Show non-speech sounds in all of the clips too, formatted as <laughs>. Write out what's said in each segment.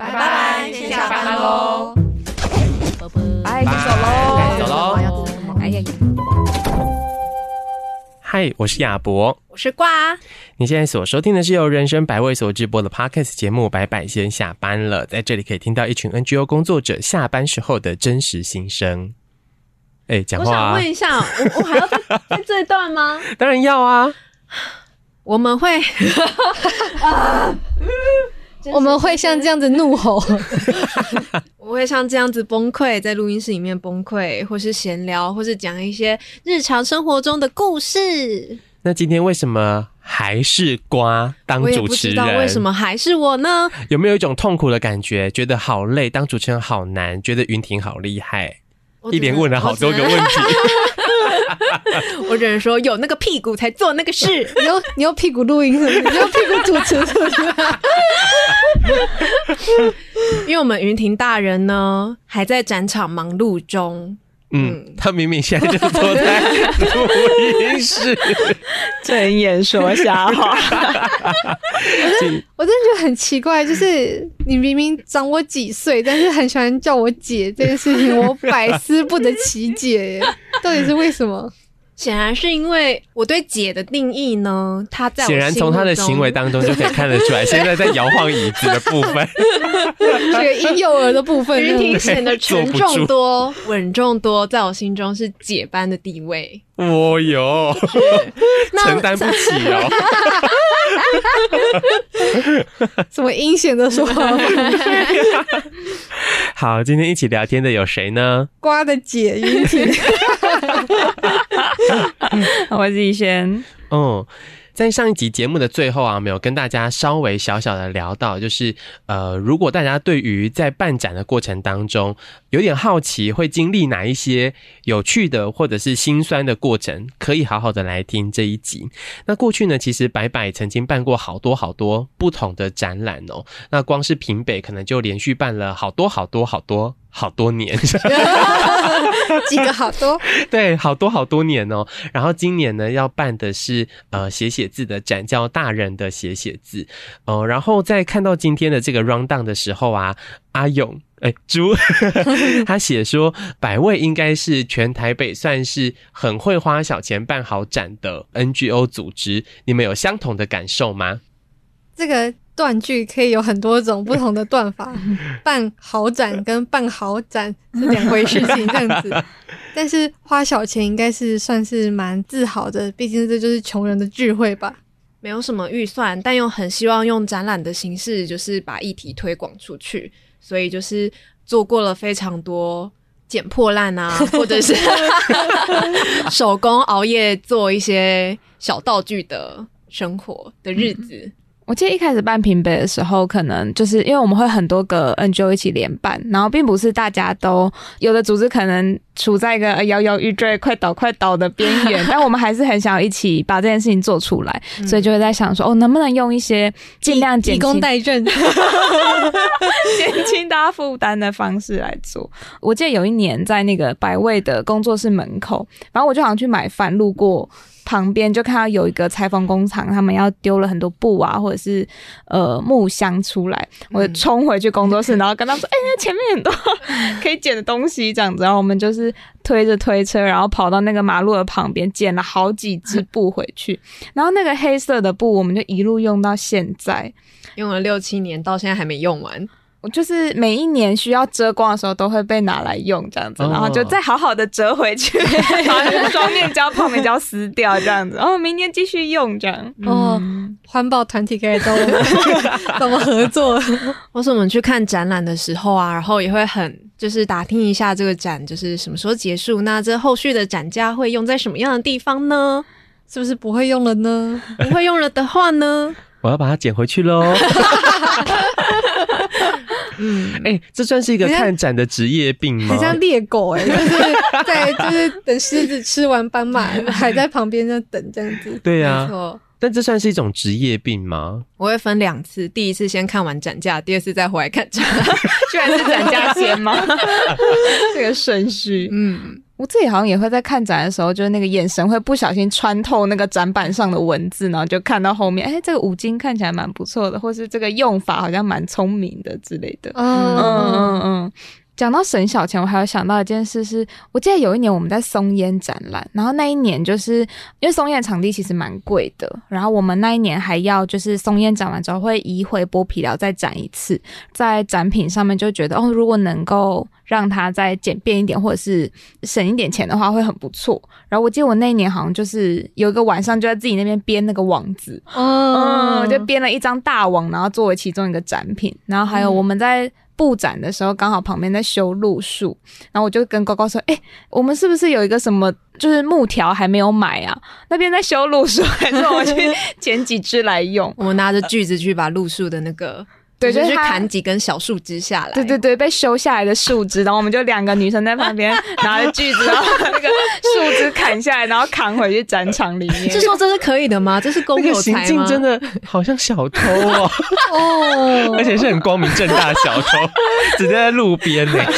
拜拜，bye bye, 先下班嘍！拜拜 Bye, Bye,，bye, 先走嘍，走嘍！嗨，我是亞伯，我是瓜。你現在所收聽的是由人生百味所直播的 Podcast 節目。拜拜，先下班了，在這裡可以聽到一群 NGO 工作者下班時候的真實心聲。講話、啊，我想問一下， <laughs> 我我還要在，在這段嗎？當然要啊！ <laughs> 我們會、 <laughs> <laughs> <laughs> 嗯。我們會像這樣子怒吼， <laughs> <laughs> 我會像這樣子崩潰，在錄音室裡面崩潰，或是閒聊，或是講一些日常生活中的故事。那今天為什麼還是瓜當主持人？不知道為什麼還是我呢？我我呢有沒有一種痛苦的感覺？覺得好累，當主持人好難。覺得雲婷好厲害，一連問了好多個問題。 <laughs> <laughs> 我只能說，有那個屁股才做那個事。你用你用屁股錄音是不是，你用屁股主持是不是，對吧？因為我們雲庭大人呢，還在展場忙碌中。嗯，他明明現在就坐在錄音室，睜眼說瞎話。 <laughs> <laughs> 。我真的，我真的覺得很奇怪，就是你明明長我幾歲，但是很喜歡叫我姐 <laughs> 這件事情，我百思不得其解， <laughs> 到底是為什麼？顯然是因為我對“姐”的定義呢，她在我心中，顯然從她的行為當中就可以看得出來。現在在搖晃椅子的部分， <laughs> <laughs> 這個嬰幼兒的部分，雲庭顯得沉重多、穩重多，在我心中是姐般的地位。我有，承擔不起哦！什麼陰險的說話、 <laughs> <laughs> 啊？好，今天一起聊天的有誰呢？瓜的姐一我自己先。哦在上一集節目的最後啊，沒有跟大家稍微小小的聊到，就是呃，如果大家對於在辦展的過程當中有點好奇，會經歷哪一些有趣的或者是辛酸的過程，可以好好的來聽這一集。那過去呢，其實百百曾經辦過好多好多不同的展覽哦、喔，那光是平北可能就連續辦了好多好多好多。好多年， <laughs> 幾個好多， <laughs> 對，好多好多年哦、喔。然後今年呢，要辦的是，呃，寫寫字的展，叫大人的寫寫字。呃，然後在看到今天的這個 round down 的時候啊，阿勇哎豬、欸，他寫說 <laughs> 百味應該是全台北算是很會花小錢辦好展的 NGO 組織，你們有相同的感受嗎？這個。斷句可以有很多種不同的斷法，辦 <laughs> 好展跟辦好展是兩回事情，這樣子。 <laughs> 但是花小錢應該是算是蠻自豪的，畢竟這就是窮人的聚會吧，沒有什麼預算，但又很希望用展覽的形式，就是把議題推廣出去，所以就是做過了非常多撿破爛啊，或者是 <laughs> <laughs> 手工熬夜做一些小道具的生活的日子。嗯我記得一開始辦平北的時候，可能就是因為我們會很多個 NGO 一起聯辦，然後並不是大家都有的組織可能處在一個搖搖欲墜、快倒快倒的邊緣， <laughs> 但我們還是很想要一起把這件事情做出來，嗯、所以就會在想說，哦，能不能用一些儘量替工代任，減輕 <laughs> 大家負擔的方式來做？我記得有一年在那個百味的工作室門口，反正我就好像去買飯路過。旁邊就看到有一個裁縫工廠，他們要丟了很多布啊，或者是呃木箱出來，我就衝回去工作室，嗯、然後跟他說：“哎、 <laughs> 欸，那前面很多可以撿的東西。”這樣子，然後我們就是推着推車，然後跑到那個馬路的旁邊，撿了好幾隻布回去。嗯、然後那個黑色的布，我們就一路用到現在，用了六七年，到現在還沒用完。我就是每一年需要遮光的時候都會被拿來用這樣子，然後就再好好的折回去，把雙面膠、 <laughs> <laughs> 泡麵膠撕掉這樣子，然後明年繼續用這樣。嗯、哦，環保團體可以都 <laughs> 怎麼合作？或是 <laughs> 我，我們去看展覽的時候啊，然後也會很就是打聽一下這個展就是什麼時候結束？那這後續的展架會用在什麼樣的地方呢？是不是不會用了呢？欸、不會用了的話呢？我要把它撿回去嘍。 <laughs> 嗯，哎、欸，這算是一個看展的職業病嗎？像很像獵狗，哎、欸，就是在就是等獅子吃完斑馬， <laughs> 還在旁邊在等這樣子。對呀、啊，沒錯。但這算是一種職業病嗎？我會分兩次，第一次先看完展架，第二次再回來看展。 <laughs> 居然是展架先嗎？ <laughs> 這個順序，嗯。我自己好像也會在看展的時候，就是那個眼神會不小心穿透那個展板上的文字，然後就看到後面，哎，這個五金看起來蠻不錯的，或是這個用法好像蠻聰明的之類的。嗯嗯嗯嗯。嗯嗯嗯講到省小錢，我還有想到的一件事是，是我記得有一年我們在松煙展覽，然後那一年就是因為松煙的場地其實蠻貴的，然後我們那一年還要就是松煙展完之後會移回剝皮寮再展一次，在展品上面就覺得哦，如果能夠讓它再簡便一點或者是省一點錢的話會很不錯。然後我記得我那一年好像就是有一個晚上就在自己那邊編那個網子，嗯，嗯，就編了一張大網，然後作為其中一個展品，然後還有我們在。嗯布展的時候，剛好旁邊在修路樹，然後我就跟高高說：“哎、欸，我們是不是有一個什麼，就是木條還沒有買啊？那邊在修路樹，還是我去撿幾枝來用？” <laughs> 我拿着鋸子去把路樹的那個。對，就是砍幾根小樹枝下來。對對對，被修下來的樹枝，然後我們就兩個女生在旁邊拿着鋸子，然後把那個樹枝砍下來，然後扛回去展場裡面。是 <laughs> 說這是可以的嗎？這是公有財嗎？那個行徑真的好像小偷哦、喔， <laughs> oh. 而且是很光明正大的小偷，只在路邊呢、欸。 <laughs>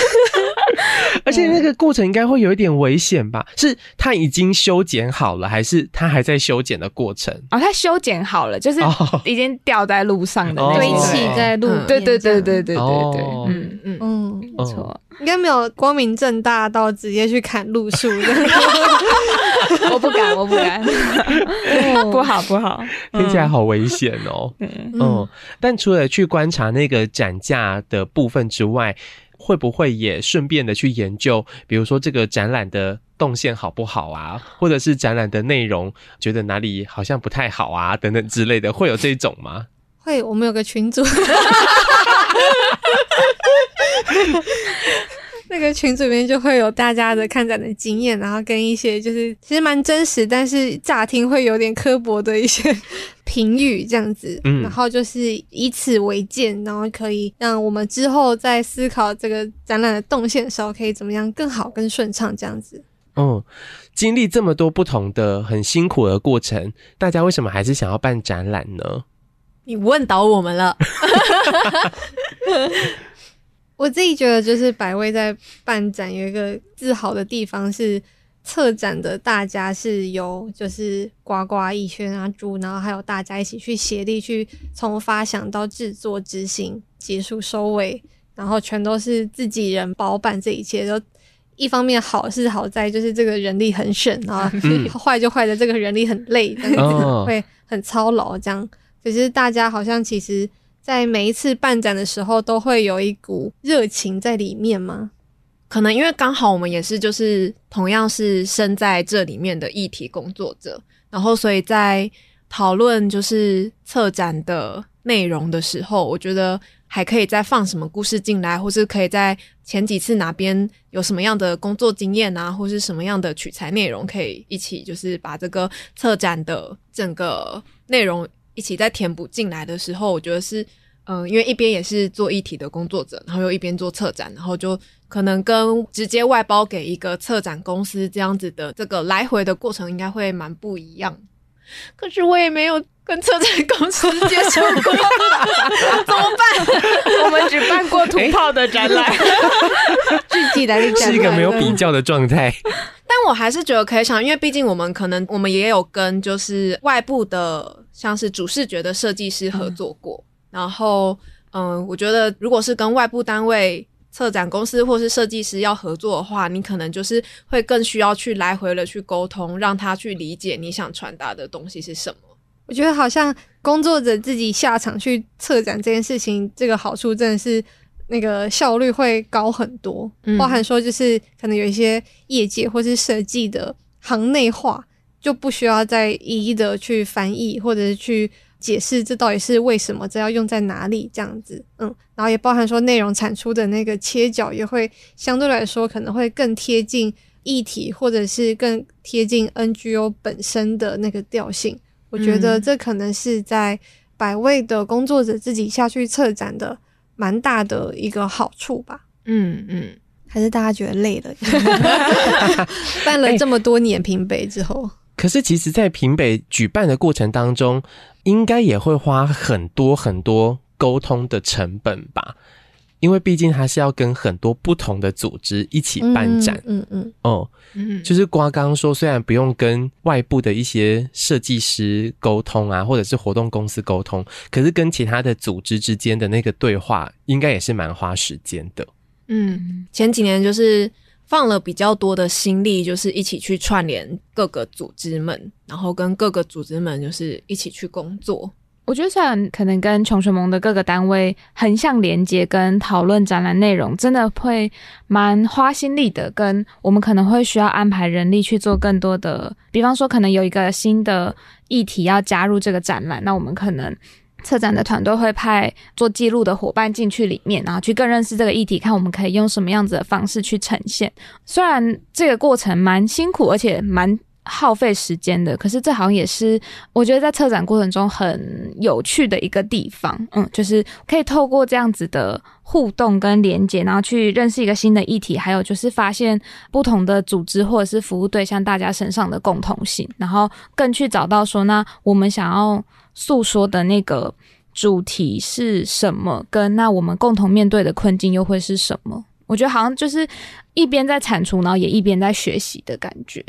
而且那個過程應該會有一點危險吧？是它已經修剪好了，還是它還在修剪的過程？哦，它修剪好了，就是已經掉在路上的堆砌在路。對對對對對對對，嗯嗯嗯，沒錯，應該沒有光明正大到直接去砍路樹的，我不敢，我不敢，不好不好，聽起來好危險哦。嗯，但除了去觀察那個展架的部分之外。會不會也順便的去研究，比如說這個展覽的動線好不好啊，或者是展覽的內容，覺得哪裡好像不太好啊，等等之類的，會有這種嗎？會，我們有個群組 <laughs> <laughs> 那個群組裡面就會有大家的看展的經驗，然後跟一些就是其實蠻真實，但是乍聽會有點刻薄的一些評語這樣子，嗯，然後就是以此為鑑，然後可以讓我們之後在思考這個展覽的動線的時候，可以怎麼樣更好、更順暢這樣子。嗯、哦，經歷這麼多不同的很辛苦的過程，大家為什麼還是想要辦展覽呢？你問倒我們了。 <laughs> <laughs> 我自己覺得，就是百味在辦展有一個自豪的地方是，策展的大家是由就是呱呱一圈啊，豬，然後還有大家一起去協力去從發想到制作、執行、結束、收尾，然後全都是自己人包辦這一切。都一方面好是好在就是這個人力很省啊，壞就壞在這個人力很累，會很操勞這樣。可是大家好像其實。在每一次辦展的時候，都會有一股熱情在裡面嗎？可能因為剛好我們也是，就是同樣是身在這裡面的議題工作者，然後所以在討論就是策展的內容的時候，我覺得還可以再放什麼故事進來，或是可以在前幾次哪邊有什麼樣的工作經驗啊，或是什麼樣的取材內容，可以一起就是把這個策展的整個內容。一起在填補進來的時候，我覺得是，嗯、呃，因為一邊也是做議題的工作者，然後又一邊做策展，然後就可能跟直接外包給一個策展公司這樣子的這個來回的過程，應該會蠻不一樣。可是我也沒有跟策展公司接觸過， <laughs> 怎麼辦？ <laughs> 我們只辦過土炮的展覽，具濟南的展覽是一個沒有比較的狀態。 <laughs> 但我還是覺得可以想，因為畢竟我們可能我們也有跟就是外部的像是主視覺的設計師合作過，嗯、然後嗯，我覺得如果是跟外部單位策展公司或是設計師要合作的話，你可能就是會更需要去來回的去溝通，讓他去理解你想傳達的東西是什麼。我覺得好像工作者自己下場去策展這件事情，這個好處真的是。那個效率會高很多，包含說就是可能有一些業界或是設計的行內話，就不需要再一一的去翻譯或者是去解釋這到底是為什麼，這要用在哪裡這樣子，嗯，然後也包含說內容產出的那個切角也會相對來說可能會更貼近議題或者是更貼近 NGO 本身的那個調性，我覺得這可能是在百味的工作者自己下去策展的，蠻大的一個好處吧，嗯嗯，嗯還是大家覺得累了， <laughs> <laughs> 辦了這麼多年平北之後，欸，之後。可是其實，在平北舉辦的過程當中，應該也會花很多很多溝通的成本吧。因為畢竟他是要跟很多不同的組織一起辦展，嗯嗯，哦，嗯，嗯哦、嗯就是瓜剛說，雖然不用跟外部的一些設計師溝通啊，或者是活動公司溝通，可是跟其他的組織之間的那個對話，應該也是蠻花時間的。嗯，前幾年就是放了比較多的心力，就是一起去串聯各個組織們，然後跟各個組織們就是一起去工作。我覺得雖然可能跟窮學盟的各個單位橫向連接跟討論展覽內容，真的會蠻花心力的，跟我們可能會需要安排人力去做更多的，比方說可能有一個新的議題要加入這個展覽，那我們可能策展的團隊會派做記錄的夥伴進去裡面，然後去更認識這個議題，看我們可以用什麼樣子的方式去呈現。雖然這個過程蠻辛苦，而且蠻。耗費時間的，可是這好像也是我覺得在策展過程中很有趣的一個地方。嗯，就是可以透過這樣子的互動跟連接，然後去認識一個新的議題，還有就是發現不同的組織或者是服務對象大家身上的共同性，然後更去找到說，那我們想要訴說的那個主題是什麼，跟那我們共同面對的困境又會是什麼？我覺得好像就是一邊在產出，然後也一邊在學習的感覺。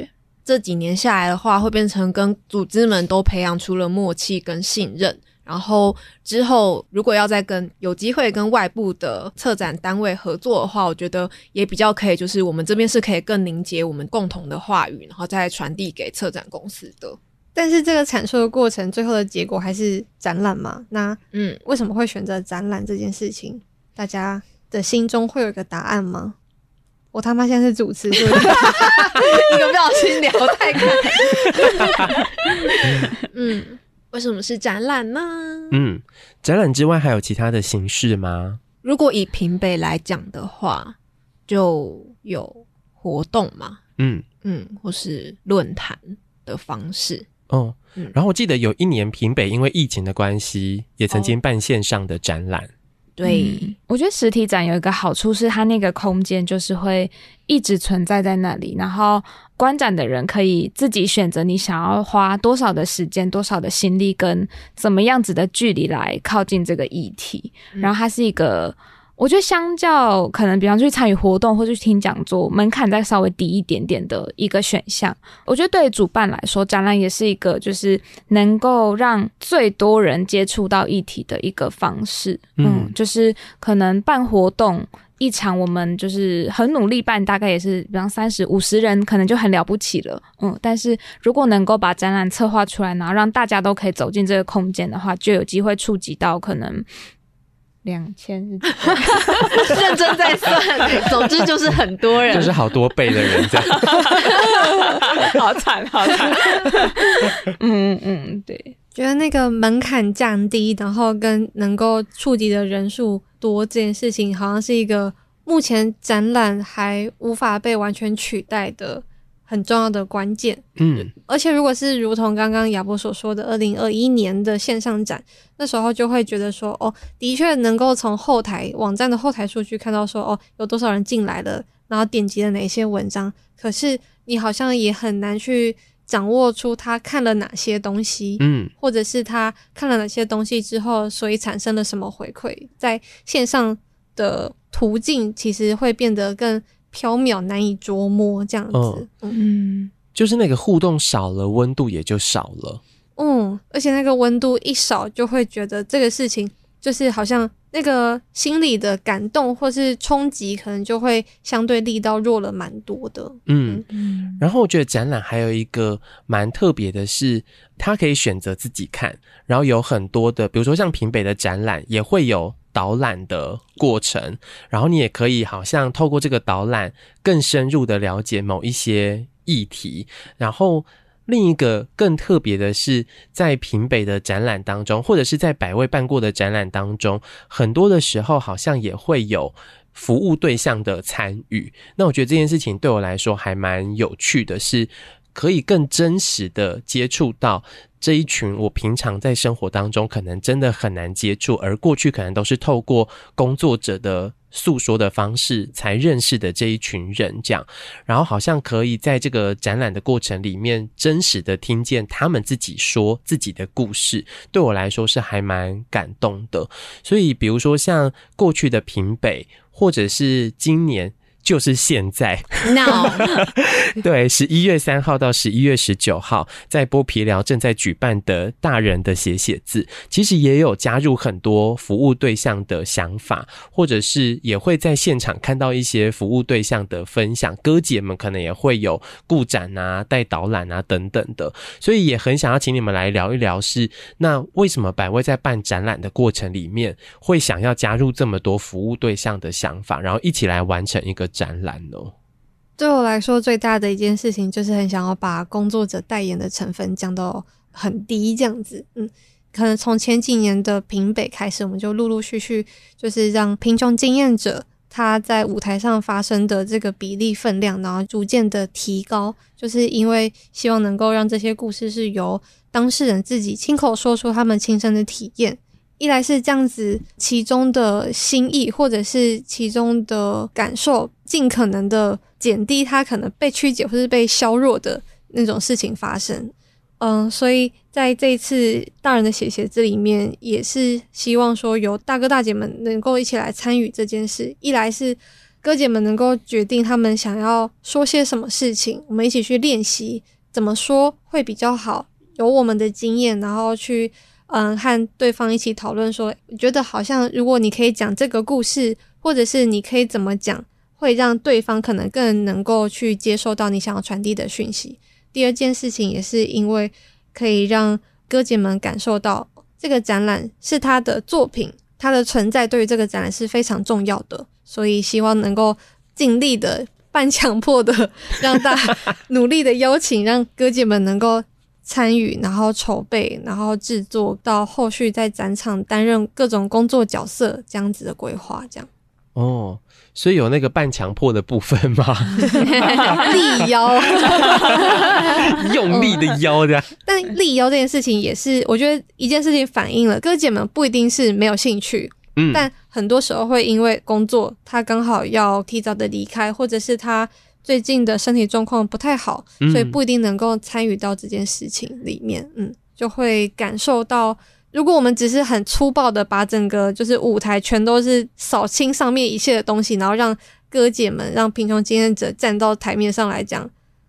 這幾年下來的話，會變成跟組織們都培養出了默契跟信任。然後之後，如果要再跟有機會跟外部的策展單位合作的話，我覺得也比較可以，就是我們這邊是可以更凝結我們共同的話語，然後再傳遞給策展公司的。但是這個闡述的過程，最後的結果還是展覽嘛，那嗯，為什麼會選擇展覽這件事情？大家的心中會有個答案嗎？我他媽現在是主持人，你有沒有心聊太快？ <laughs> 嗯，為什麼是展覽呢？嗯，展覽之外還有其他的形式嗎？如果以平北來講的話，就有活動嘛？嗯嗯，或是論壇的方式？哦，嗯、然後我記得有一年平北因為疫情的關係，也曾經辦線上的展覽。哦對，嗯、我覺得實體展有一個好處是，它那個空間就是會一直存在在那裡，然後觀展的人可以自己選擇你想要花多少的時間、多少的心力跟怎麼樣子的距離來靠近這個議題，嗯、然後它是一個。我覺得相較可能，比方去參與活動或者去聽講座，門檻再稍微低一點點的一個選項。我覺得對主辦來說，展覽也是一個就是能夠讓最多人接觸到議題的一個方式。嗯，嗯，就是可能辦活動一場，我們就是很努力辦，大概也是比方三十五十人，可能就很了不起了。嗯，但是如果能夠把展覽策劃出來，然後讓大家都可以走進這個空間的話，就有機會觸及到可能。兩千是 <laughs> 認真在算， <laughs> 總之就是很多人，就是好多倍的人，這樣， <laughs> 好慘，好慘。 <laughs> 嗯嗯，對，覺得那個門檻降低，然後跟能夠觸及的人數多這件事情，好像是一個目前展覽還無法被完全取代的，很重要的關鍵，嗯，而且如果是如同剛剛亞博所說的，二零二一年的線上展，那時候就會覺得說，哦，的確能夠從後台網站的後台數據看到說，哦，有多少人進來了，然後點擊了哪些文章，可是你好像也很難去掌握出他看了哪些東西，嗯，或者是他看了哪些東西之後，所以產生了什麼回饋，在線上的途徑其實會變得更。縹緲難以捉摸這樣子，嗯，就是那個互動少了，溫度也就少了。嗯，而且那個溫度一少，就會覺得這個事情就是好像那個心裡的感動或是衝擊，可能就會相對力道弱了蠻多的。嗯，嗯，然後我覺得展覽還有一個蠻特別的是，他可以選擇自己看，然後有很多的，比如說像平北的展覽也會有。導覽的過程，然後你也可以好像透過這個導覽，更深入的了解某一些議題。然後另一個更特別的是，在平北的展覽當中，或者是在百味辦過的展覽當中，很多的時候好像也會有服務對象的參與。那我覺得這件事情對我來說還蠻有趣的是，是可以更真實的接觸到。這一群我平常在生活當中可能真的很難接觸，而過去可能都是透過工作者的訴說的方式才認識的這一群人，這樣，然後好像可以在這個展覽的過程裡面真實的聽見他們自己說自己的故事，對我來說是還蠻感動的。所以，比如說像過去的平北，或者是今年。就是現在，No， <laughs> 對，十一月三號到十一月十九號，在剝皮寮正在舉辦的“大人的寫寫字”，其實也有加入很多服務對象的想法，或者是也會在現場看到一些服務對象的分享。哥姐們可能也會有佈展啊、帶導覽啊等等的，所以也很想要請你們來聊一聊是，是那為什麼百味在辦展覽的過程裡面會想要加入這麼多服務對象的想法，然後一起來完成一個。展覽哦、喔，對我來說最大的一件事情就是很想要把工作者代言的成分降到很低這樣子。嗯，可能從前幾年的平北開始，我們就陸陸續續就是讓貧窮經驗者他在舞台上發生的這個比例分量，然後逐漸的提高，就是因為希望能夠讓這些故事是由當事人自己親口說出他們親身的體驗。一來是這樣子，其中的心意或者是其中的感受，盡可能的減低他可能被曲解或是被削弱的那種事情發生。嗯，所以在這次大人的寫寫字裡面，也是希望說有大哥大姐們能夠一起來參與這件事。一來是哥姐們能夠決定他們想要說些什麼事情，我們一起去練習怎麼說會比較好，有我們的經驗，然後去。嗯，和對方一起討論說，覺得好像如果你可以講這個故事，或者是你可以怎麼講，會讓對方可能更能夠去接受到你想要傳遞的訊息。第二件事情也是因為可以讓哥姐們感受到這個展覽是他的作品，他的存在對於這個展覽是非常重要的，所以希望能夠盡力的半強迫的讓大家努力的邀請， <laughs> 讓哥姐們能夠。參與，然後籌備，然後製作，到後續在展場擔任各種工作角色，這樣子的規劃，這樣。哦，所以有那個半強迫的部分嗎？力 <laughs> <laughs> 立腰， <laughs> <laughs> 用力的腰，這樣。嗯、但力腰這件事情也是，我覺得一件事情反映了哥姐們不一定是沒有興趣，嗯，但很多時候會因為工作，他剛好要提早的離開，或者是他。最近的身體狀況不太好，所以不一定能夠參與到這件事情裡面。嗯、嗯，就會感受到，如果我們只是很粗暴的把整個就是舞台全都是掃清上面一切的東西，然後讓哥姐們、讓貧窮經驗者站到台面上來講，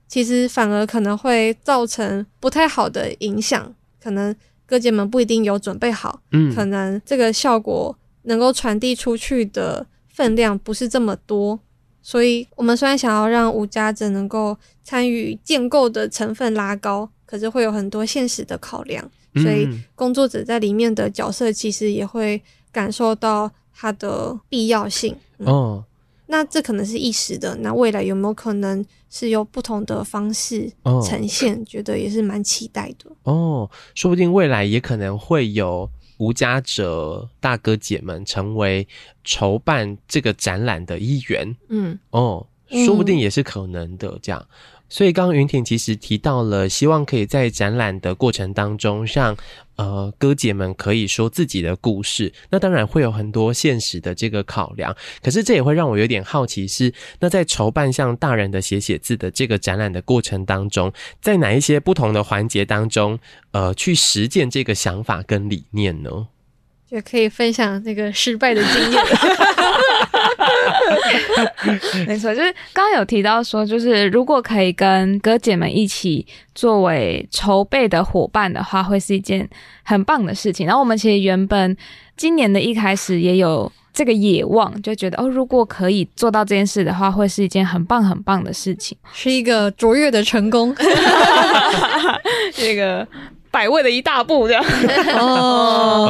其實反而可能會造成不太好的影響。可能哥姐們不一定有準備好，嗯，可能這個效果能夠傳遞出去的分量不是這麼多。所以，我們雖然想要讓無家者能夠參與建構的成分拉高，可是會有很多現實的考量。所以，工作者在裡面的角色其實也會感受到它的必要性。嗯、哦，那這可能是一時的，那未來有沒有可能是由不同的方式呈現？哦、覺得也是蠻期待的。哦，說不定未來也可能會有。無家者大哥姐們成為籌辦這個展覽的一員，嗯哦，說不定也是可能的、嗯、這樣。所以，剛剛雲婷其實提到了，希望可以在展覽的過程當中讓，讓呃哥姐們可以說自己的故事。那當然會有很多現實的這個考量，可是這也會讓我有點好奇是，是那在籌辦像大人的寫寫字的這個展覽的過程當中，在哪一些不同的環節當中，呃，去實踐這個想法跟理念呢？也可以分享那個失敗的經驗。 <laughs> <laughs> 沒錯，就是剛剛有提到說，就是如果可以跟哥姐們一起作為籌備的夥伴的話，會是一件很棒的事情。然後我們其實原本今年的一開始也有這個野望，就覺得哦，如果可以做到這件事的話，會是一件很棒很棒的事情，是一個卓越的成功。這 <laughs> <laughs> 個。百味的一大步，這樣哦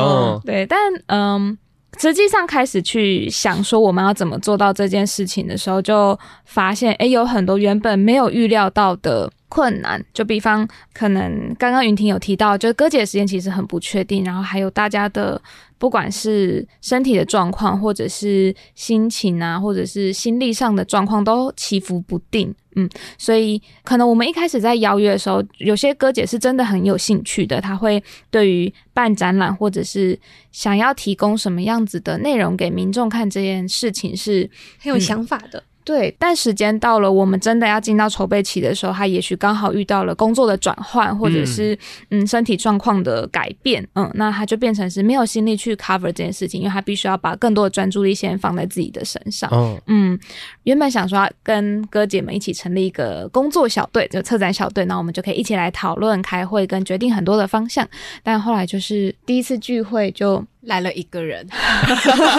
，oh, <laughs> 對，oh. 但嗯，實際上開始去想說我們要怎麼做到這件事情的時候，就發現哎、欸，有很多原本沒有預料到的困難。就比方，可能剛剛云婷有提到，就是哥姐的時間其實很不確定，然後還有大家的。不管是身體的狀況，或者是心情啊，或者是心理上的狀況，都起伏不定。嗯，所以可能我們一開始在邀約的時候，有些哥姐是真的很有興趣的，他會對於辦展覽或者是想要提供什麼樣子的內容給民眾看這件事情是很有想法的。嗯對，但時間到了，我們真的要進到籌備期的時候，他也許剛好遇到了工作的轉換，或者是嗯，嗯，身體狀況的改變，嗯，那他就變成是沒有心力去 cover 這件事情，因為他必須要把更多的專注力先放在自己的身上。哦、嗯，原本想說跟哥姐們一起成立一個工作小隊，就策展小隊，那我們就可以一起來討論、開會跟決定很多的方向，但後來就是第一次聚會就。來了一個人，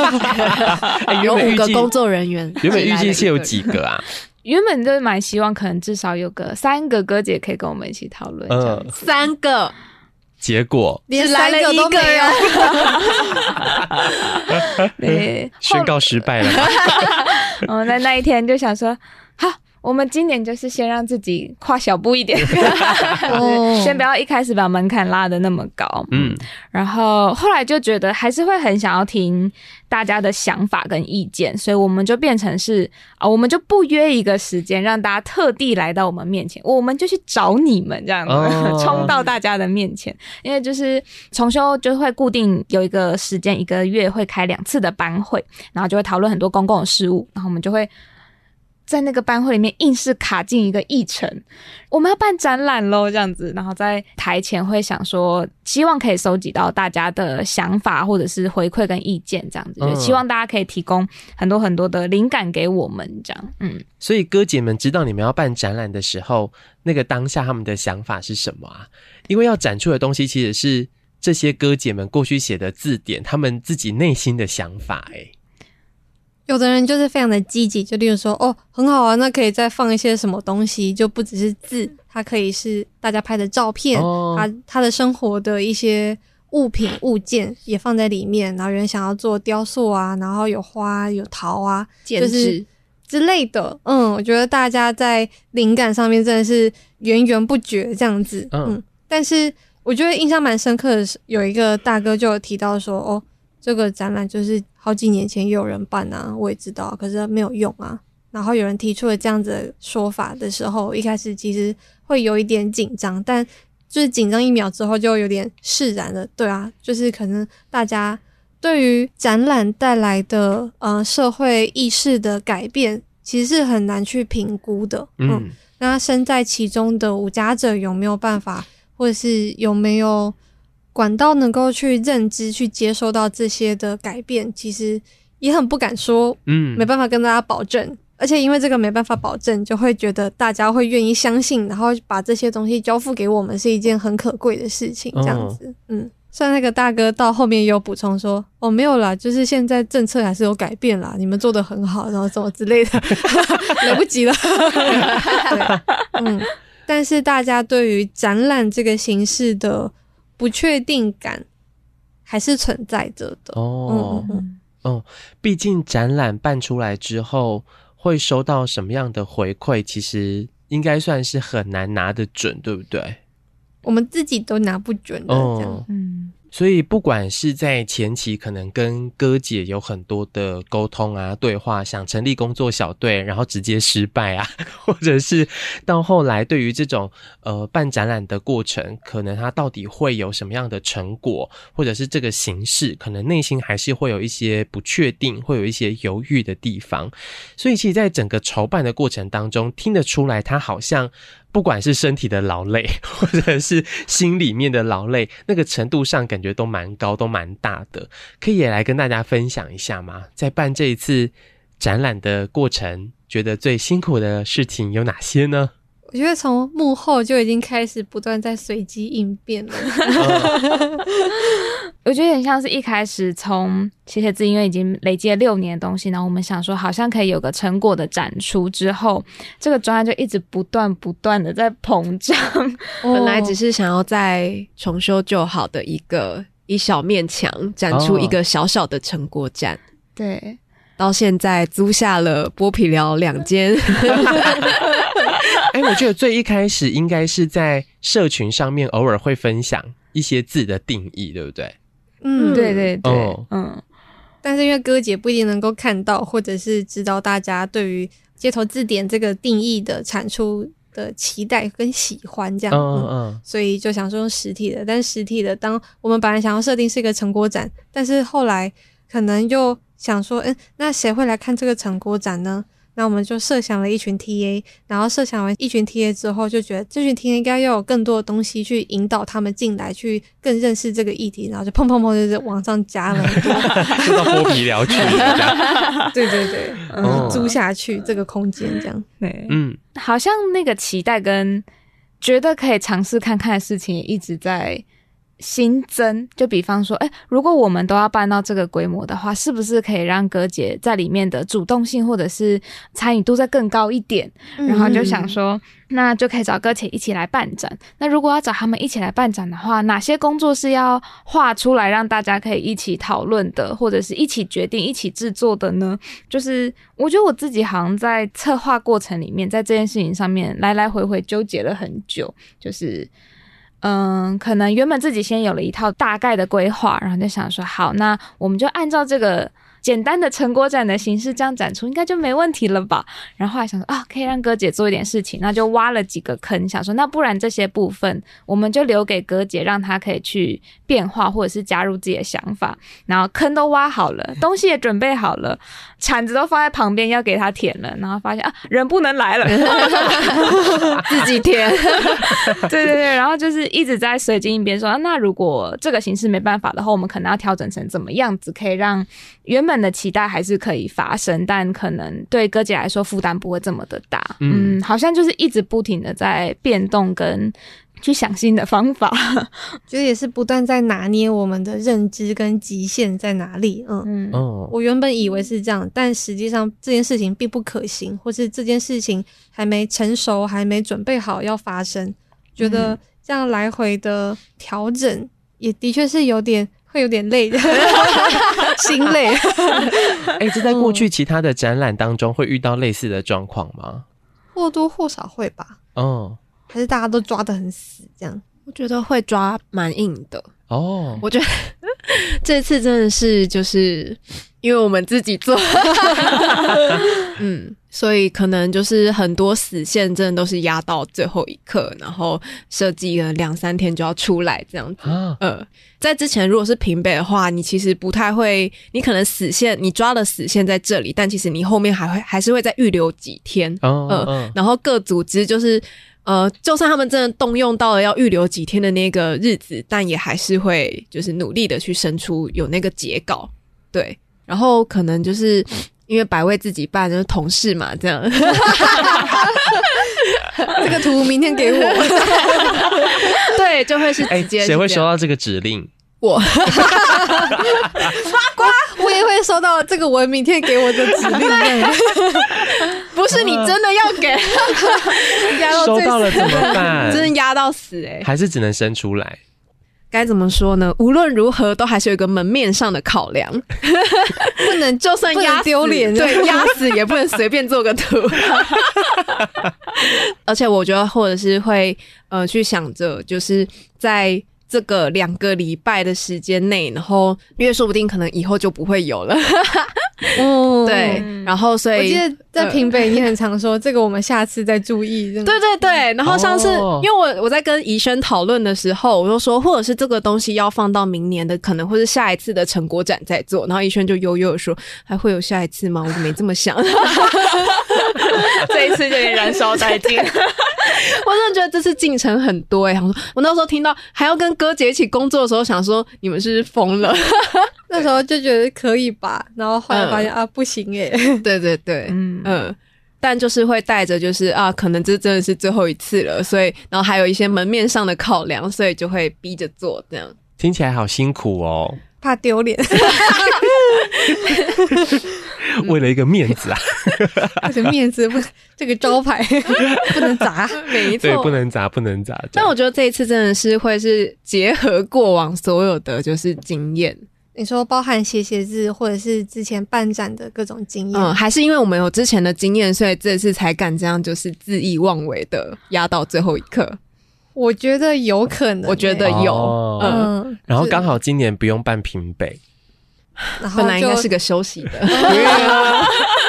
<laughs> 有五個工作人員人原。原本預計是有幾個啊？原本就是蠻希望，可能至少有個三個哥姐可以跟我們一起討論。嗯、這樣三個，結果你來了一個， <laughs> 宣告失敗了。我們在、 <laughs> 哦、那一天就想說。我們今年就是先讓自己跨小步一點，先不要一開始把門檻拉得那麼高。嗯，然後後來就覺得還是會很想要聽大家的想法跟意見，所以我們就變成是啊、哦，我們就不約一個時間讓大家特地來到我們面前，我們就去找你們這樣子，哦、 <laughs> 衝到大家的面前。因為就是重修就會固定有一個時間，一個月會開兩次的班會，然後就會討論很多公共事務，然後我們就會。在那個班會裡面，硬是卡進一個議程，我們要辦展覽嘍，這樣子。然後在台前會想說，希望可以收集到大家的想法，或者是回饋跟意見，這樣子，就是希望大家可以提供很多很多的靈感給我們，這樣。嗯，所以哥姐們知道你們要辦展覽的時候，那個當下他們的想法是什麼啊？因為要展出的東西其實是這些哥姐們過去寫的字典，他們自己內心的想法、欸，哎。有的人就是非常的積極，就例如說，哦，很好啊，那可以再放一些什麼東西，就不只是字，它可以是大家拍的照片，oh. 它它的生活的一些物品物件也放在裡面。然後有人想要做雕塑啊，然後有花、啊、有桃啊，簡直就是之類的。嗯，我覺得大家在靈感上面真的是源源不絕這樣子。Uh. 嗯，但是我覺得印象蠻深刻的，有一個大哥就有提到說，哦。這個展覽就是好幾年前也有人辦啊，我也知道，可是沒有用啊。然後有人提出了這樣子的說法的時候，一開始其實會有一點緊張，但就是緊張一秒之後就有點釋然了。對啊，就是可能大家對於展覽帶來的，呃，社會意識的改變，其實是很難去評估的。嗯，嗯，那身在其中的無家者有沒有辦法，或者是有沒有？管道能夠去認知、去接收到這些的改變，其實也很不敢說，嗯，沒辦法跟大家保證。嗯，而且因為這個沒辦法保證，就會覺得大家會願意相信，然後把這些東西交付給我們，是一件很可貴的事情。這樣子，嗯，嗯雖然那個大哥到後面也有補充說，哦，哦，沒有啦，就是現在政策還是有改變了，你們做得很好，然後什麼之類的，來 <laughs> <laughs> <laughs> 不及了 <laughs> 對 <laughs> 對。嗯，但是大家對於展覽這個形式的。不確定感還是存在着的哦，嗯嗯哦，畢竟展覽辦出來之後會收到什麼樣的回饋，其實應該算是很難拿得準，對不對？我們自己都拿不準哦，這樣嗯所以，不管是在前期可能跟哥姐有很多的溝通啊、對話，想成立工作小隊，然後直接失敗啊，或者是到後來對於這種呃辦展覽的過程，可能他到底會有什麼樣的成果，或者是這個形式，可能內心還是會有一些不確定，會有一些猶豫的地方。所以，其實在整個籌辦的過程當中，聽得出來他好像，不管是身體的勞累，或者是心裡面的勞累，那個程度上感覺都蠻高，都蠻大的，可以也來跟大家分享一下嗎？在辦這一次展覽的過程，覺得最辛苦的事情有哪些呢？我覺得從幕後就已經開始不斷在隨機應變了。 <laughs> <laughs> <laughs> 我覺得很像是一開始從寫寫字，其實因為已經累積了六年的東西，然後我們想說好像可以有個成果的展出之後，這個專案就一直不斷不斷的在膨脹。哦、本來只是想要在重修舊好的一個一小面牆展出一個小小的成果展，哦，對，到現在租下了剝皮寮兩間。哎、 <laughs> 欸，我覺得最一開始應該是在社群上面偶爾會分享一些字的定義，對不對？嗯，對對對，哦、嗯。但是因為哥姐不一定能夠看到，或者是知道大家對於《街頭字典》這個定義的產出的期待跟喜歡這樣，嗯嗯，嗯嗯，所以就想說用實體的。但實體的，當我們本來想要設定是一個成果展，但是後來可能又想說，嗯，那誰會來看這個成果展呢？那我們就設想了一群 TA，然後設想完一群 TA 之後，就覺得這群 TA 應該要有更多的東西去引導他們進來，去更認識這個議題，然後就砰砰砰，就是往上加了，說到剝皮寮去，對對對，然後租下去這個空間這樣。對，嗯，好像那個期待跟覺得可以嘗試看看的事情，一直在。新增，就比方說，誒、欸，如果我們都要辦到這個規模的話，是不是可以讓哥姐在裡面的主動性或者是參與度再更高一點？然後就想說，嗯、那就可以找哥姐一起來辦展。那如果要找他們一起來辦展的話，哪些工作是要畫出來讓大家可以一起討論的，或者是一起決定、一起制作的呢？就是我覺得我自己好像在策劃過程裡面，在這件事情上面來來回回糾結了很久，就是。嗯，可能原本自己先有了一套大概的規劃，然後就想說，好，那我們就按照這個。簡單的成果展的形式，這樣展出應該就沒問題了吧？然後還想說啊，可以讓哥姐做一點事情，那就挖了幾個坑，想說那不然這些部分我們就留給哥姐，讓他可以去變化或者是加入自己的想法。然後坑都挖好了，東西也準備好了，鏟子都放在旁邊要給他舔了，然後發現啊，人不能來了， <laughs> <laughs> 自己舔舔笑。對對對，然後就是一直在隨機應變說、啊、那如果這個形式沒辦法的話，我們可能要調整成怎麼樣子可以讓原本。的期待還是可以發生，但可能對哥姐來說負擔不會這麼的大。嗯，嗯，好像就是一直不停的在變動，跟去想新的方法，覺得也是不斷在拿捏我們的認知跟極限在哪裡。嗯，嗯、oh. 我原本以為是這樣，但實際上這件事情並不可行，或是這件事情還沒成熟，還沒準備好要發生。覺得這樣來回的調整，也的確是有點。會有點累的， <laughs> 心累了。哎、 <laughs> 欸，這在過去其他的展覽當中會遇到類似的狀況嗎？或、嗯、多，多或少會吧。嗯、哦，還是大家都抓得很死，這樣我覺得會抓蠻硬的。哦，我覺得 <laughs> 這次真的是，就是因為我們自己做。 <laughs> <laughs> 嗯。所以可能就是很多死線真的都是壓到最後一刻，然後設計了兩三天就要出來這樣子。啊、呃，在之前如果是平北的話，你其實不太會，你可能死線你抓了死線在這裡，但其實你後面還會還是會再預留幾天。嗯、啊啊啊呃、然後各組織就是，呃，就算他們真的動用到了要預留幾天的那個日子，但也還是會就是努力的去生出有那個結稿。對，然後可能就是。因為百味自己辦，就是同事嘛，這樣。 <laughs> <laughs> 這個圖明天給我。 <laughs> <laughs> 對,就會是直接是。誰、欸、會收到這個指令？我，傻 <laughs> 瓜我，我也會收到這個我明天給我的指令。 <laughs> 欸、 <laughs> 不是你真的要給？ <laughs> 壓到最，收到了怎麼辦？真壓到死、欸、還是只能生出來？該怎麼說呢？無論如何，都還是有一個門面上的考量。 <laughs> 不能就算壓丟臉，對，壓死也不能隨便做個圖。 <laughs> <laughs> 而且，我覺得或者是會呃，去想着就是在。這個兩個禮拜的時間內，然後因為說不定可能以後就不會有了，哦、 <laughs> 對。然後所以，我記得在平北，你很常說這個，我們下次再注意。 <laughs> 對對對。然後上次，因為我我在跟宜萱討論的時候，我就說，或者是這個東西要放到明年的，可能或者下一次的成果展再做。然後宜萱就悠悠的說，還會有下一次嗎？我沒這麼想，這一次就被燃燒殆盡。 <laughs> 我真的覺得這次進程很多哎、欸，說我那時候聽到還要跟哥姐一起工作的時候，想說你們是不是瘋了？ <laughs> <laughs> 那時候就覺得可以吧，然後後來發現啊，嗯、啊不行哎、欸。對對對，嗯嗯，但就是會帶着，就是啊，可能這真的是最後一次了，所以然後還有一些門面上的考量，所以就會逼着做這樣。聽起來好辛苦哦，怕丟丟臉。 <laughs> <laughs> <laughs> 為了一個面子啊、嗯， <laughs> 而且面子不， <laughs> 這個招牌 <laughs> 不能砸，每一次對，不能砸，不能砸。砸但我覺得這一次真的是會是結合過往所有的就是經驗，你說包含寫寫字，或者是之前辦展的各種經驗，嗯，還是因為我們有之前的經驗，所以這次才敢這樣就是恣意妄為的壓到最後一刻。 <laughs> 我覺得有可能、欸，我覺得有，哦、嗯。然後剛好今年不用辦平北。後本來應該是個休息的，後對啊，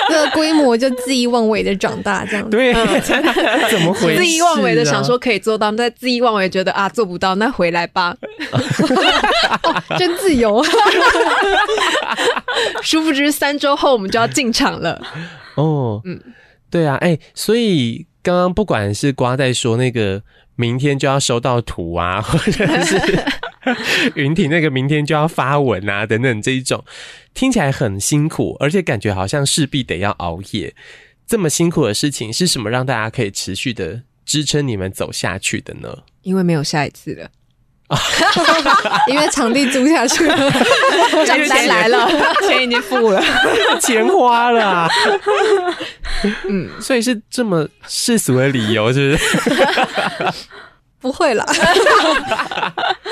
這規、 <laughs> 啊、模就恣意妄為的長大，這樣子，對，啊、嗯、怎麼回事恣意妄為的想說可以做到，但恣意妄為覺得啊做不到，那回來吧，真自由，舒服。就是三周後我們就要進場了，哦，oh, 嗯，對啊，哎、欸，所以剛剛不管是瓜在說那個。明天就要收到圖啊，或者是 <laughs> 雲庭那個明天就要發文啊，等等這一種，聽起來很辛苦，而且感覺好像勢必得要熬夜。這麼辛苦的事情，是什麼讓大家可以持續的支撐你們走下去的呢？因為沒有下一次了。哦、 <laughs> 因為場地租下去了，錢來了，錢已經付了，錢花了，啊，嗯，所以是這麼世俗的理由，是不是？不會了， <laughs>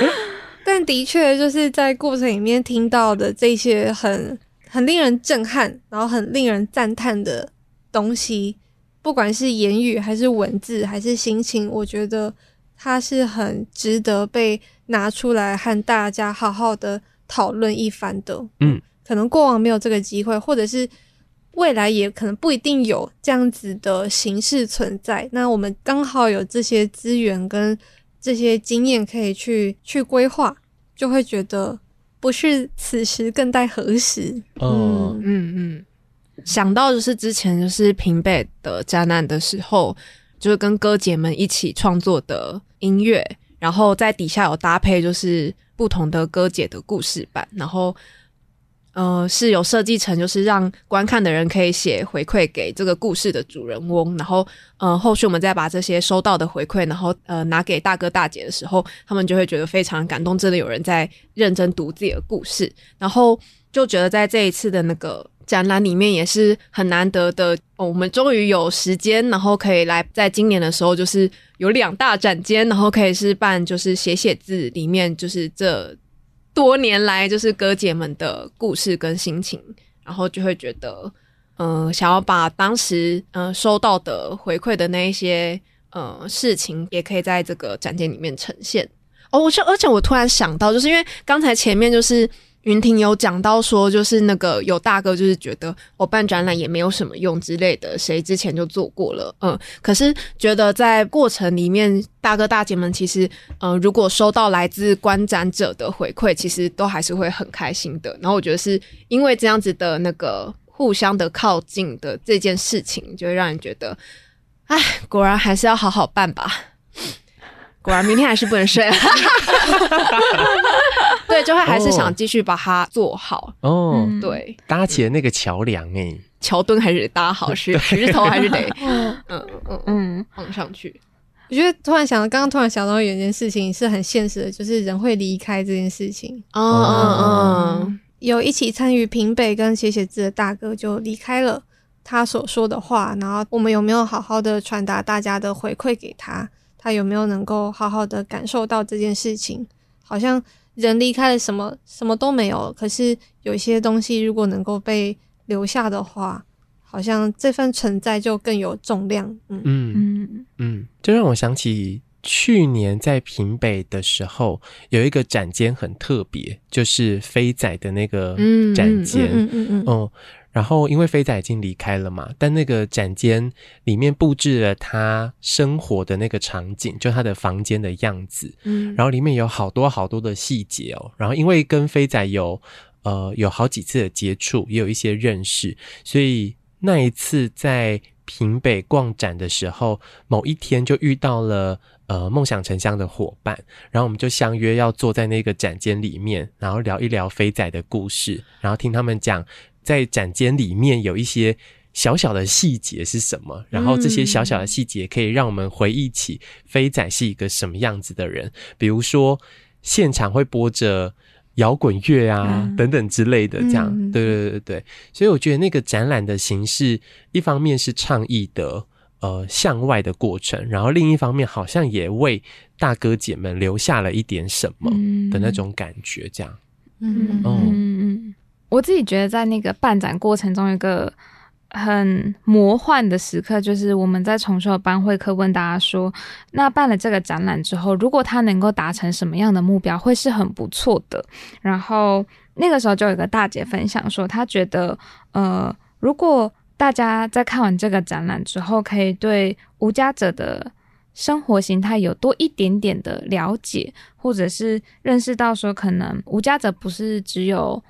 但的確就是在過程裡面聽到的這些很很令人震撼，然後很令人讚嘆的東西，不管是言語還是文字還是心情，我覺得。他是很值得被拿出來和大家好好的討論一番的。嗯，可能過往沒有這個機會，或者是未來也可能不一定有這樣子的形式存在。那我們剛好有這些資源跟這些經驗可以去去規劃，就會覺得不是此時更待何時。嗯、呃、嗯嗯。想到就是之前就是平北的災難的時候。就是跟哥姐們一起創作的音樂，然後在底下有搭配，就是不同的哥姐的故事版，然後，呃，是有設計成就是讓觀看的人可以寫回饋給這個故事的主人翁，然後，呃，後續我們再把這些收到的回饋，然後呃拿給大哥大姐的時候，他們就會覺得非常感動，真的有人在認真讀自己的故事，然後就覺得在這一次的那個。展覽裡面也是很難得的，哦、我們終於有時間，然後可以來在今年的時候，就是有兩大展間，然後可以是辦，就是寫寫字裡面，就是這多年來就是哥姐們的故事跟心情，然後就會覺得，嗯、呃，想要把當時嗯、呃、收到的回饋的那一些嗯、呃、事情，也可以在這個展間裡面呈現。哦，我就而且我突然想到，就是因為剛才前面就是。雲婷有講到說，就是那個有大哥，就是覺得我辦展覽也沒有什麼用之類的，誰之前就做過了，嗯，可是覺得在過程裡面，大哥大姐們其實，嗯、呃，如果收到來自觀展者的回饋，其實都還是會很開心的。然後我覺得是因為這樣子的那個互相的靠近的這件事情，就會讓人覺得，哎，果然還是要好好辦吧。果然，明天還是不能睡了。 <laughs> <laughs> <laughs> 對，就會還是想繼續把它做好。哦，對，搭起的那個橋樑誒，橋、嗯、墩還是得搭好，是石頭對還是得， <laughs> 嗯嗯嗯嗯，放上去。我覺得突然想到，剛剛突然想到有一件事情是很現實的，就是人會離開這件事情。哦哦哦，嗯嗯、有一起參與平北跟寫寫字的大哥就離開了，他所說的話，然後我們有沒有好好的傳達大家的回饋給他？他有沒有能夠好好的感受到這件事情？好像人離開了什麼，什麼都沒有。可是有些東西，如果能夠被留下的話，好像這份存在就更有重量。嗯嗯嗯，就讓我想起去年在平北的時候，有一個展間很特別，就是飛仔的那個展間、嗯。嗯嗯嗯、嗯、哦。然後，因為飛仔已經離開了嘛，但那個展間裡面布置了他生活的那個場景，就他的房間的樣子。嗯，然後裡面有好多好多的細節哦。然後，因為跟飛仔有呃有好幾次的接觸，也有一些認識，所以那一次在平北逛展的時候，某一天就遇到了呃夢想城鄉的夥伴，然後我們就相約要坐在那個展間裡面，然後聊一聊飛仔的故事，然後聽他們講。在展間裡面有一些小小的細節是什麼？然後這些小小的細節可以讓我們回憶起飛仔是一個什麼樣子的人，比如說現場會播着搖滾樂啊等等之類的，這樣，對對對對對。所以我覺得那個展覽的形式，一方面是倡議的呃向外的過程，然後另一方面好像也為大哥姐們留下了一點什麼的那種感覺，這樣，嗯、哦。我自己覺得，在那個辦展過程中，有一個很魔幻的時刻，就是我們在重修班會課問大家說，那辦了這個展覽之後，如果它能夠達成什麼樣的目標，會是很不錯的。然後那個時候，就有個大姐分享說，她覺得，呃，如果大家在看完這個展覽之後，可以對無家者的生活形態有多一點點的了解，或者是認識到說，可能無家者不是只有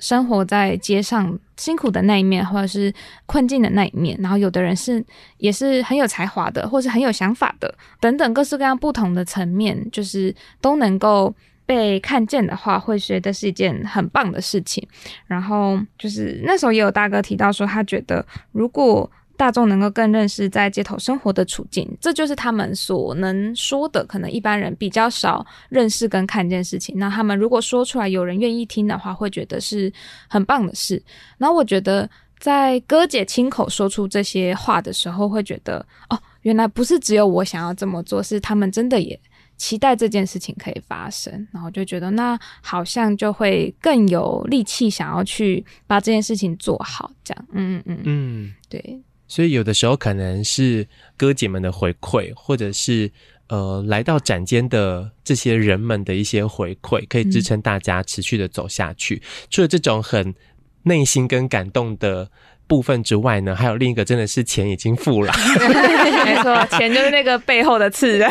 生活在街上辛苦的那一面，或者是困境的那一面，然後有的人是也是很有才華的，或是很有想法的，等等各式各樣不同的層面，就是都能夠被看見的話，會覺得是一件很棒的事情。然後就是那時候也有大哥提到說，他覺得如果。大眾能夠更認識在街頭生活的處境，這就是他們所能說的。可能一般人比較少認識跟看見事情，那他們如果說出來，有人願意聽的話，會覺得是很棒的事。然後我覺得，在哥姐親口說出這些話的時候，會覺得哦，原來不是只有我想要這麼做，是他們真的也期待這件事情可以發生。然後就覺得那好像就會更有力氣想要去把這件事情做好，這樣。嗯嗯嗯嗯，對。所以有的時候可能是哥姐們的回饋，或者是呃來到展間的這些人們的一些回饋，可以支撐大家持續的走下去。嗯、除了這種很內心跟感動的部分之外呢，還有另一個真的是錢已經付了， <laughs> 沒錯，錢就是那個背後的刺人，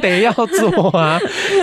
得、 <laughs> 啊、要做啊，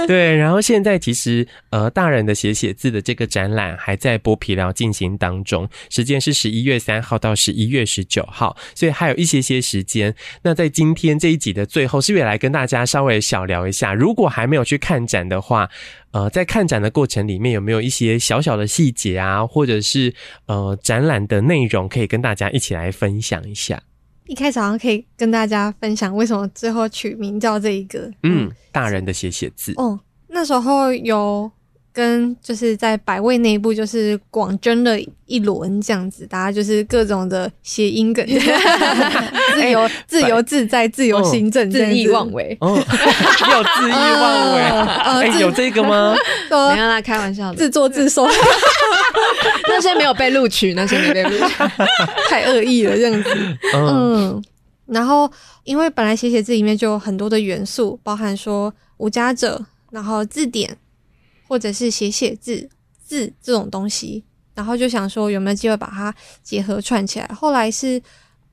對。然後現在其實呃，大人的寫寫字的這個展覽還在剝皮寮進行當中，時間是十一月三號到十一月十九號，所以還有一些些時間。那在今天這一集的最後，是不是也來跟大家稍微小聊一下，如果還沒有去看展的話，呃，在看展的過程裡面有沒有一些小小的細節啊，或者是呃，展覽的內。一種可以跟大家一起來分享一下。一開始好像可以跟大家分享為什麼最後取名叫這一個，嗯，大人的寫寫字。哦、嗯，那時候有。跟就是在百味內部就是廣徵了一輪這樣子，大家就是各種的諧音梗，自由自由自在，自由行政，恣、嗯、意妄為、哦，要恣意妄為，嗯嗯欸、有這個嗎？沒有啦，開玩笑的，自作自受。那些沒有被錄取，那些沒被錄取，太惡意了這樣子。嗯，嗯然後因為本來寫寫字裡面就有很多的元素，包含說無家者，然後字典。或者是寫寫字字這種東西，然後就想說有沒有機會把它結合串起來。後來是，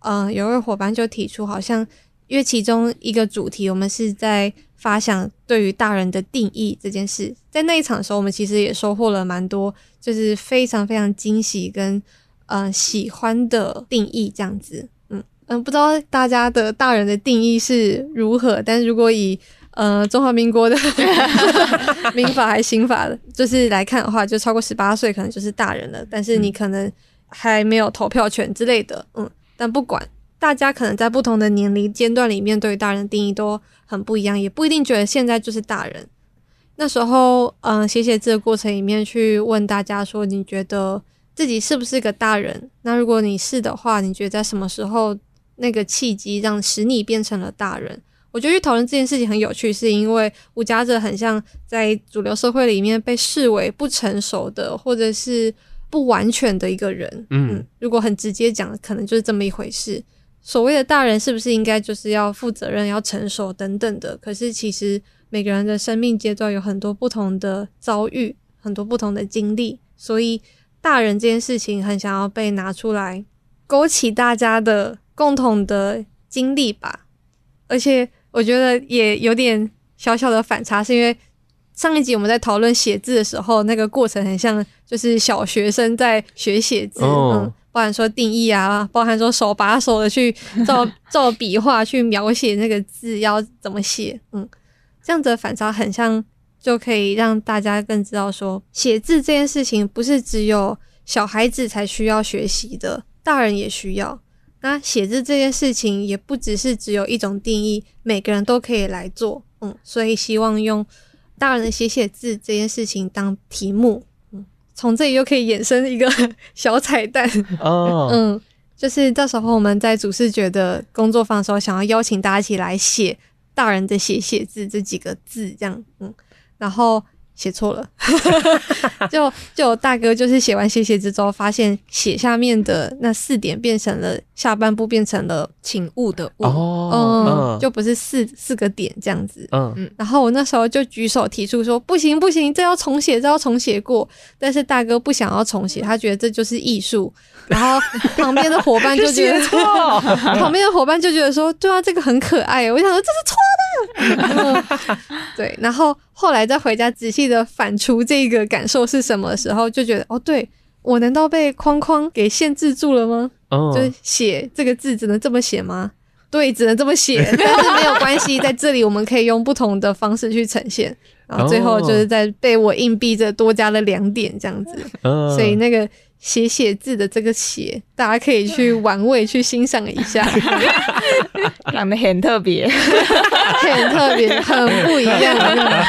嗯，有位夥伴就提出，好像因為其中一個主題，我們是在發想對於大人的定義這件事。在那一場的時候，我們其實也收穫了蠻多，就是非常非常驚喜跟，嗯，喜歡的定義這樣子。嗯嗯，不知道大家的大人的定義是如何，但是如果以呃，中華民國的民 <laughs> <laughs> 法還是刑法的，就是來看的話，就超過十八歲可能就是大人了，但是你可能還沒有投票權之類的，嗯，嗯。但不管，大家可能在不同的年齡階段裡面，對於大人的定義都很不一樣，也不一定覺得現在就是大人。那時候，嗯，寫寫字的過程裡面去問大家說，你覺得自己是不是個大人？那如果你是的話，你覺得在什麼時候那個契機讓使你變成了大人？我覺得去討論這件事情很有趣，是因為無家者很像在主流社會裡面被視為不成熟的，或者是不完全的一個人。嗯，嗯，如果很直接講，可能就是這麼一回事。所謂的大人，是不是應該就是要負責任、要成熟等等的？可是其實每個人的生命階段有很多不同的遭遇，很多不同的經歷，所以大人這件事情很想要被拿出來，勾起大家的共同的經歷吧，而且。我覺得也有點小小的反差，是因為上一集我們在討論寫字的時候，那個過程很像就是小學生在學寫字，Oh. 嗯，包含說定義啊，包含說手把手的去照照筆畫去描寫那個字要怎麼寫，嗯，這樣子的反差很像就可以讓大家更知道說寫字這件事情不是只有小孩子才需要學習的，大人也需要。那寫字這件事情也不只是只有一種定義，每個人都可以來做，嗯，所以希望用大人寫寫字這件事情當題目，嗯，從這裡又可以衍生一個小彩蛋。oh. 嗯，就是到時候我們在主視覺的工作坊的時候，想要邀請大家一起來寫“大人的寫寫字”這幾個字，這樣，嗯，然後。寫錯了。 <laughs> <laughs> 就，就就大哥就是寫完寫寫之後，發現寫下面的那四點變成了，下半部變成了請勿的勿哦、oh, uh, 嗯，就不是四四個點這樣子。Uh, 嗯，然後我那時候就舉手提出說，不行不行，這要重寫，這要重寫過。但是大哥不想要重寫，嗯、他覺得這就是藝術。然後旁邊的夥伴就覺得 <laughs> <laughs> 錯、哦， <laughs> 旁邊的夥伴就覺得說，對啊，這個很可愛。我想說這是錯的， <laughs> 對，然後。後來再回家仔細的反芻這個感受是什麼時候，就覺得哦，對，我難道被框框給限制住了嗎？哦，就是寫這個字只能這麼寫嗎？對，只能這麼寫， <laughs> 但是沒有關係，在這裡我們可以用不同的方式去呈現。然後最後就是在被我硬逼着多加了兩點，這樣子，所以那個寫寫字的這個寫，大家可以去玩味、去欣賞一下，長得很特別， <laughs> 很特別，很不一樣。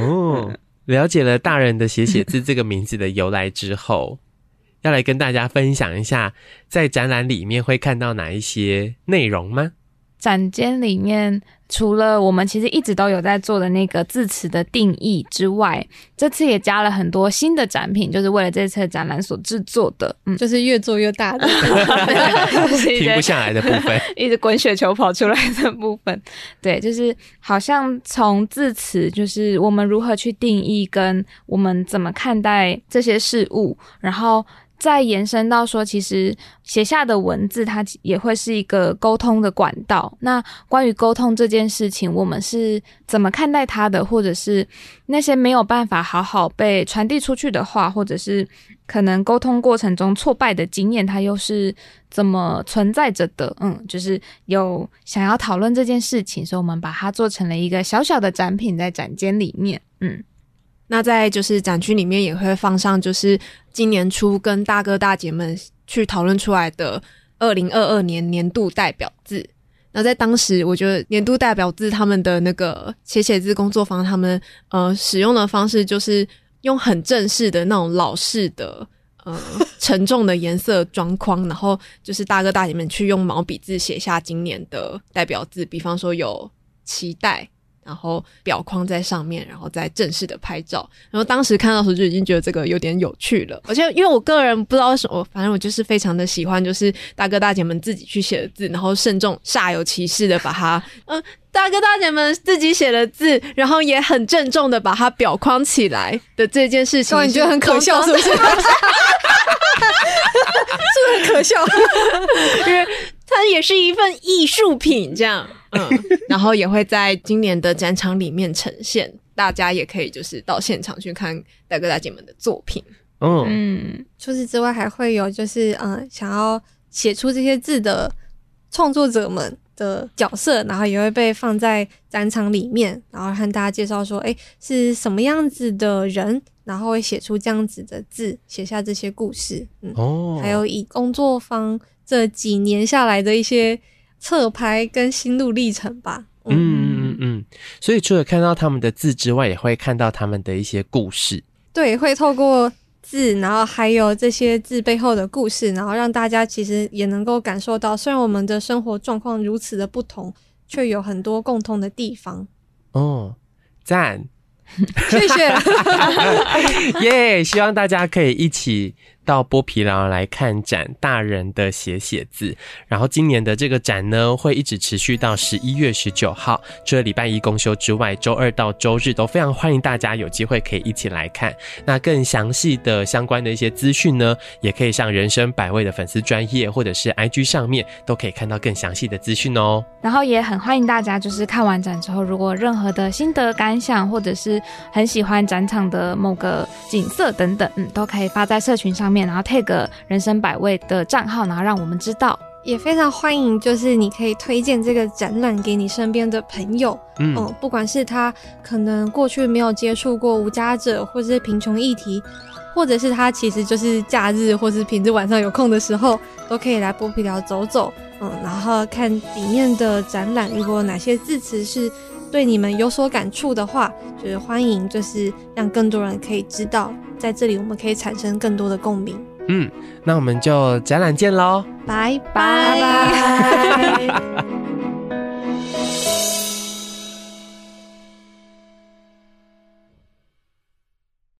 哦，了解了大人的寫寫字這個名字的由來之後， <laughs> 要來跟大家分享一下，在展覽裡面會看到哪一些內容嗎？展間裡面，除了我們其實一直都有在做的那個字詞的定義之外，這次也加了很多新的展品，就是為了這次的展覽所製作的。嗯，就是越做越大的，停、 <laughs> 就是、不下來的部分，就是、一直滾雪球跑出來的部分。對，就是好像從字詞，就是我們如何去定義，跟我們怎麼看待這些事物，然後。再延伸到說，其實寫下的文字它，也會是一個溝通的管道。那關於溝通這件事情，我們是怎麼看待它的？或者是那些沒有辦法好好被傳遞出去的話，或者是可能溝通過程中挫敗的經驗，它又是怎麼存在着的？嗯，就是有想要討論這件事情，所以我們把它做成了一個小小的展品在展間裡面。嗯。那在就是展區裡面也會放上，就是今年初跟大哥大姐們去討論出來的二零二二年年度代表字。那在當時，我覺得年度代表字他們的那個寫寫字工作坊，他們呃使用的方式就是用很正式的那種老式的呃沉重的顏色裝框， <laughs> 然後就是大哥大姐們去用毛筆字寫下今年的代表字，比方說有期待。然後表框在上面，然後再正式的拍照。然後當時看到的時候就已經覺得這個有點有趣了。而且因為我個人不知道為什麼，反正我就是非常的喜歡，就是大哥大姐們自己去寫的字，然後慎重煞有其事的把它， <laughs> 嗯，大哥大姐們自己寫的字，然後也很鄭重的把它表框起來的這件事情，就是，你覺得很可笑是不是？是不是很可笑？ <laughs> <laughs> 因為它也是一份藝術品，這樣。 <laughs> 嗯，然後也會在今年的展場裡面呈現，大家也可以就是到現場去看大哥大姐們的作品。Oh. 嗯，除此之外，還會有就是嗯，想要寫出這些字的創作者們的角色，然後也會被放在展場裡面，然後和大家介紹說，哎、欸，是什麼樣子的人，然後會寫出這樣子的字，寫下這些故事。嗯，哦，oh. 還有以工作坊這幾年下來的一些。側拍跟心路歷程吧，嗯嗯嗯嗯，所以除了看到他們的字之外，也會看到他們的一些故事。對，會透過字，然後還有這些字背後的故事，然後讓大家其實也能夠感受到，雖然我們的生活狀況如此的不同，卻有很多共同的地方。哦，讚，謝謝，耶！ <laughs> <laughs> yeah, 希望大家可以一起。到剝皮寮來看展，大人的寫寫字。然後今年的這個展呢，會一直持續到十一月十九號。除了禮拜一公休之外，週二到週日都非常歡迎大家有機會可以一起來看。那更詳細的相關的一些資訊呢，也可以上人生百味的粉絲專頁或者是 IG 上面都可以看到更詳細的資訊哦。然後也很歡迎大家就是看完展之後，如果任何的心得感想或者是很喜歡展場的某個景色等等，嗯，都可以發在社群上面。然後 tag 個人生百味的賬號，然後讓我們知道，也非常歡迎，就是你可以推薦這個展覽給你身邊的朋友，嗯、呃，不管是他可能過去沒有接觸過無家者或是貧窮議題，或者是他其實就是假日或是平日晚上有空的時候，都可以來剝皮寮走走，嗯、呃，然後看裡面的展覽，如果哪些字詞是。對你們有所感觸的話，就是歡迎，就是讓更多人可以知道，在這裡我們可以產生更多的共鳴。嗯，那我們就展覽見嘍，拜拜。